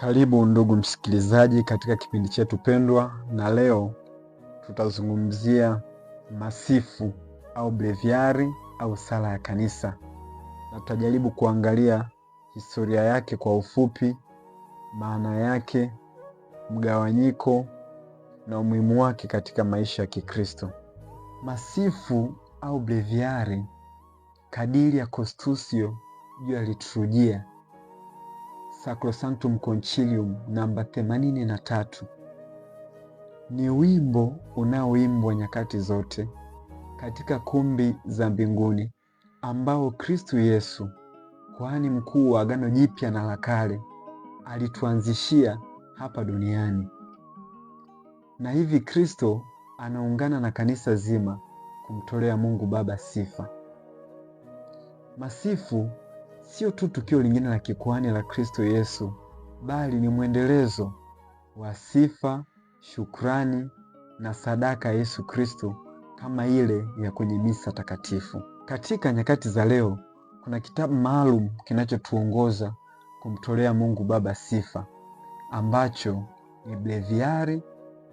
Karibu ndugu msikilizaji katika kipindi chetu pendwa, na leo tutazungumzia masifu au breviari au sala ya kanisa, na tutajaribu kuangalia historia yake kwa ufupi, maana yake, mgawanyiko na umuhimu wake katika maisha ya Kikristo. Masifu au breviari, kadiri ya Kostusio juu ya liturujia Sacrosanctum Concilium namba 83 ni wimbo unaoimbwa nyakati zote katika kumbi za mbinguni ambao Kristu Yesu kuhani mkuu wa Agano Jipya na la Kale alituanzishia hapa duniani, na hivi Kristo anaungana na kanisa zima kumtolea Mungu Baba sifa. Masifu sio tu tukio lingine la kikuhani la Kristo Yesu, bali ni mwendelezo wa sifa, shukrani na sadaka ya Yesu Kristo kama ile ya kwenye misa takatifu. Katika nyakati za leo kuna kitabu maalum kinachotuongoza kumtolea Mungu Baba sifa ambacho ni breviari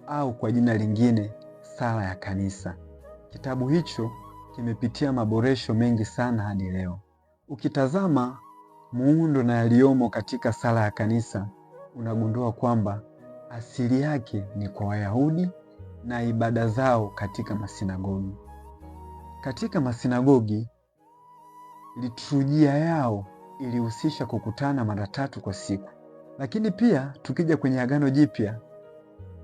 au kwa jina lingine sala ya kanisa. Kitabu hicho kimepitia maboresho mengi sana hadi leo. Ukitazama muundo na yaliyomo katika sala ya kanisa unagundua kwamba asili yake ni kwa Wayahudi na ibada zao katika masinagogi. Katika masinagogi, liturujia yao ilihusisha kukutana mara tatu kwa siku. Lakini pia tukija kwenye Agano Jipya,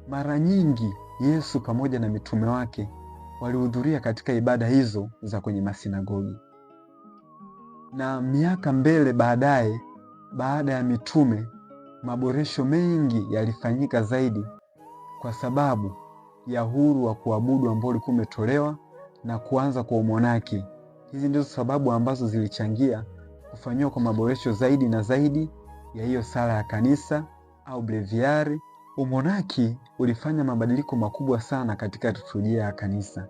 mara nyingi Yesu pamoja na mitume wake walihudhuria katika ibada hizo za kwenye masinagogi na miaka mbele baadaye, baada ya mitume, maboresho mengi yalifanyika zaidi kwa sababu ya huru wa kuabudu ambao ulikuwa umetolewa na kuanza kwa umonaki. Hizi ndizo sababu ambazo zilichangia kufanyiwa kwa maboresho zaidi na zaidi ya hiyo sala ya kanisa au breviari. Umonaki ulifanya mabadiliko makubwa sana katika liturujia ya kanisa,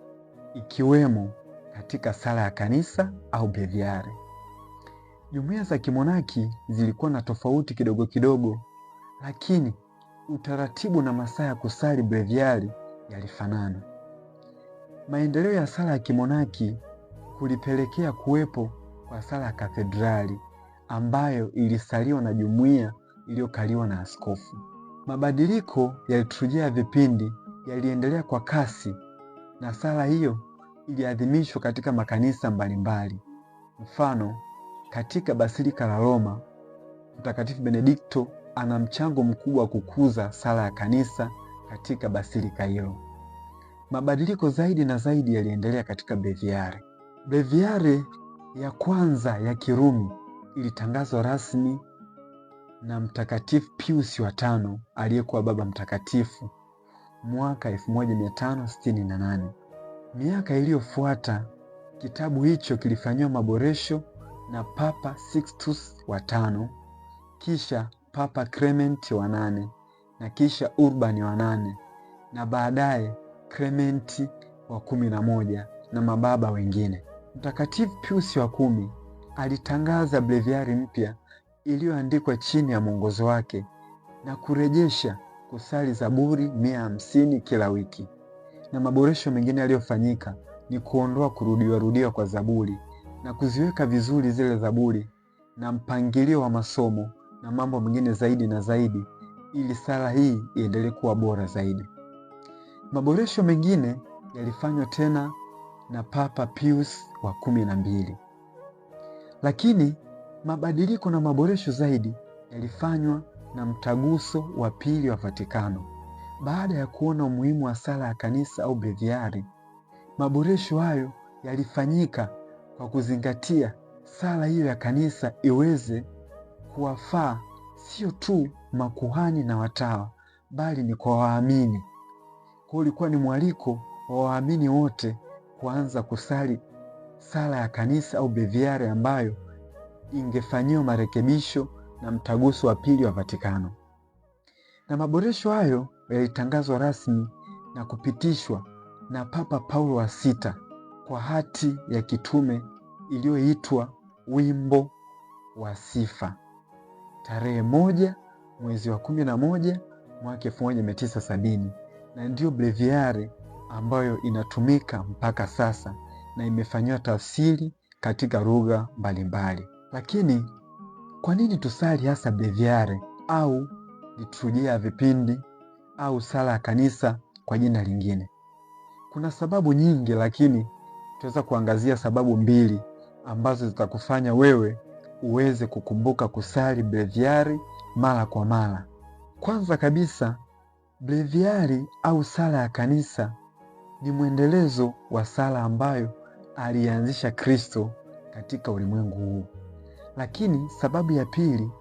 ikiwemo katika sala ya kanisa au breviari. Jumuiya za kimonaki zilikuwa na tofauti kidogo kidogo, lakini utaratibu na masaa ya kusali breviari yalifanana. Maendeleo ya sala ya kimonaki kulipelekea kuwepo kwa sala ya katedrali ambayo ilisaliwa na jumuiya iliyokaliwa na askofu. Mabadiliko ya liturujia ya vipindi yaliendelea kwa kasi na sala hiyo iliadhimishwa katika makanisa mbalimbali, mfano katika Basilika la Roma, Mtakatifu Benedikto ana mchango mkubwa wa kukuza sala ya kanisa katika basilika hilo. Mabadiliko zaidi na zaidi yaliendelea katika breviare. Breviare ya kwanza ya Kirumi ilitangazwa rasmi na Mtakatifu Pius wa tano aliyekuwa Baba Mtakatifu mwaka 1568. Miaka iliyofuata kitabu hicho kilifanyiwa maboresho na Papa Sixtus wa tano, kisha Papa Clement wa nane na kisha Urbani wa nane na baadaye Clementi wa kumi na moja na mababa wengine. Mtakatifu Piusi wa kumi alitangaza breviari mpya iliyoandikwa chini ya mwongozo wake na kurejesha kusali Zaburi mia hamsini kila wiki, na maboresho mengine yaliyofanyika ni kuondoa kurudiwarudiwa kwa Zaburi na kuziweka vizuri zile zaburi na mpangilio wa masomo na mambo mengine zaidi na zaidi, ili sala hii iendelee kuwa bora zaidi. Maboresho mengine yalifanywa tena na Papa Pius wa kumi na mbili, lakini mabadiliko na maboresho zaidi yalifanywa na Mtaguso wa Pili wa Vatikano. Baada ya kuona umuhimu wa sala ya kanisa au breviari, maboresho hayo yalifanyika kwa kuzingatia sala hiyo ya kanisa iweze kuwafaa sio tu makuhani na watawa, bali ni kwa waamini. Kwa ulikuwa ni mwaliko wa waamini wote kuanza kusali sala ya kanisa au beviare ambayo ingefanyiwa marekebisho na mtaguso wa pili wa Vatikano, na maboresho hayo yalitangazwa rasmi na kupitishwa na Papa Paulo wa sita kwa hati ya kitume iliyoitwa Wimbo wa Sifa tarehe moja mwezi wa kumi na moja mwaka elfu moja mia tisa sabini na ndiyo breviari ambayo inatumika mpaka sasa na imefanyiwa tafsiri katika lugha mbalimbali. Lakini kwa nini tusali hasa breviari au liturujia ya vipindi au sala ya kanisa kwa jina lingine? Kuna sababu nyingi, lakini tutaweza kuangazia sababu mbili ambazo zitakufanya wewe uweze kukumbuka kusali breviari mara kwa mara. Kwanza kabisa, breviari au sala ya kanisa ni mwendelezo wa sala ambayo alianzisha Kristo katika ulimwengu huu. Lakini sababu ya pili,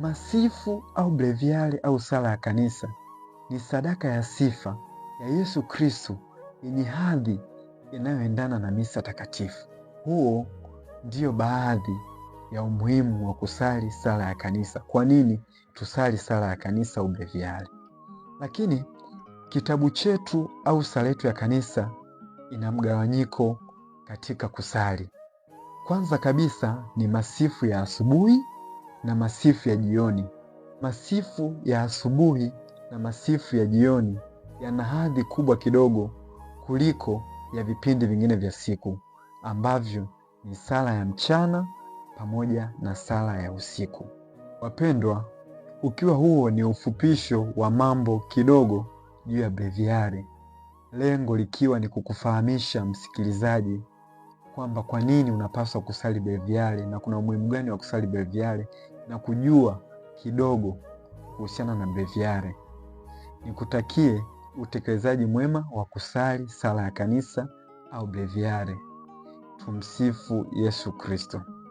masifu au breviari au sala ya kanisa ni sadaka ya sifa ya Yesu Kristo yenye hadhi inayoendana na misa takatifu. Huo ndio baadhi ya umuhimu wa kusali sala ya kanisa. Kwa nini tusali sala ya kanisa ubreviari? Lakini kitabu chetu au sala yetu ya kanisa ina mgawanyiko katika kusali. Kwanza kabisa ni masifu ya asubuhi na masifu ya jioni. Masifu ya asubuhi na masifu ya jioni yana hadhi kubwa kidogo kuliko ya vipindi vingine vya siku ambavyo ni sala ya mchana pamoja na sala ya usiku. Wapendwa, ukiwa huo ni ufupisho wa mambo kidogo juu ya breviari, lengo likiwa ni kukufahamisha msikilizaji kwamba kwa nini unapaswa kusali breviari na kuna umuhimu gani wa kusali breviari na kujua kidogo kuhusiana na breviari. Nikutakie utekelezaji mwema wa kusali sala ya kanisa au breviare. Tumsifu Yesu Kristo.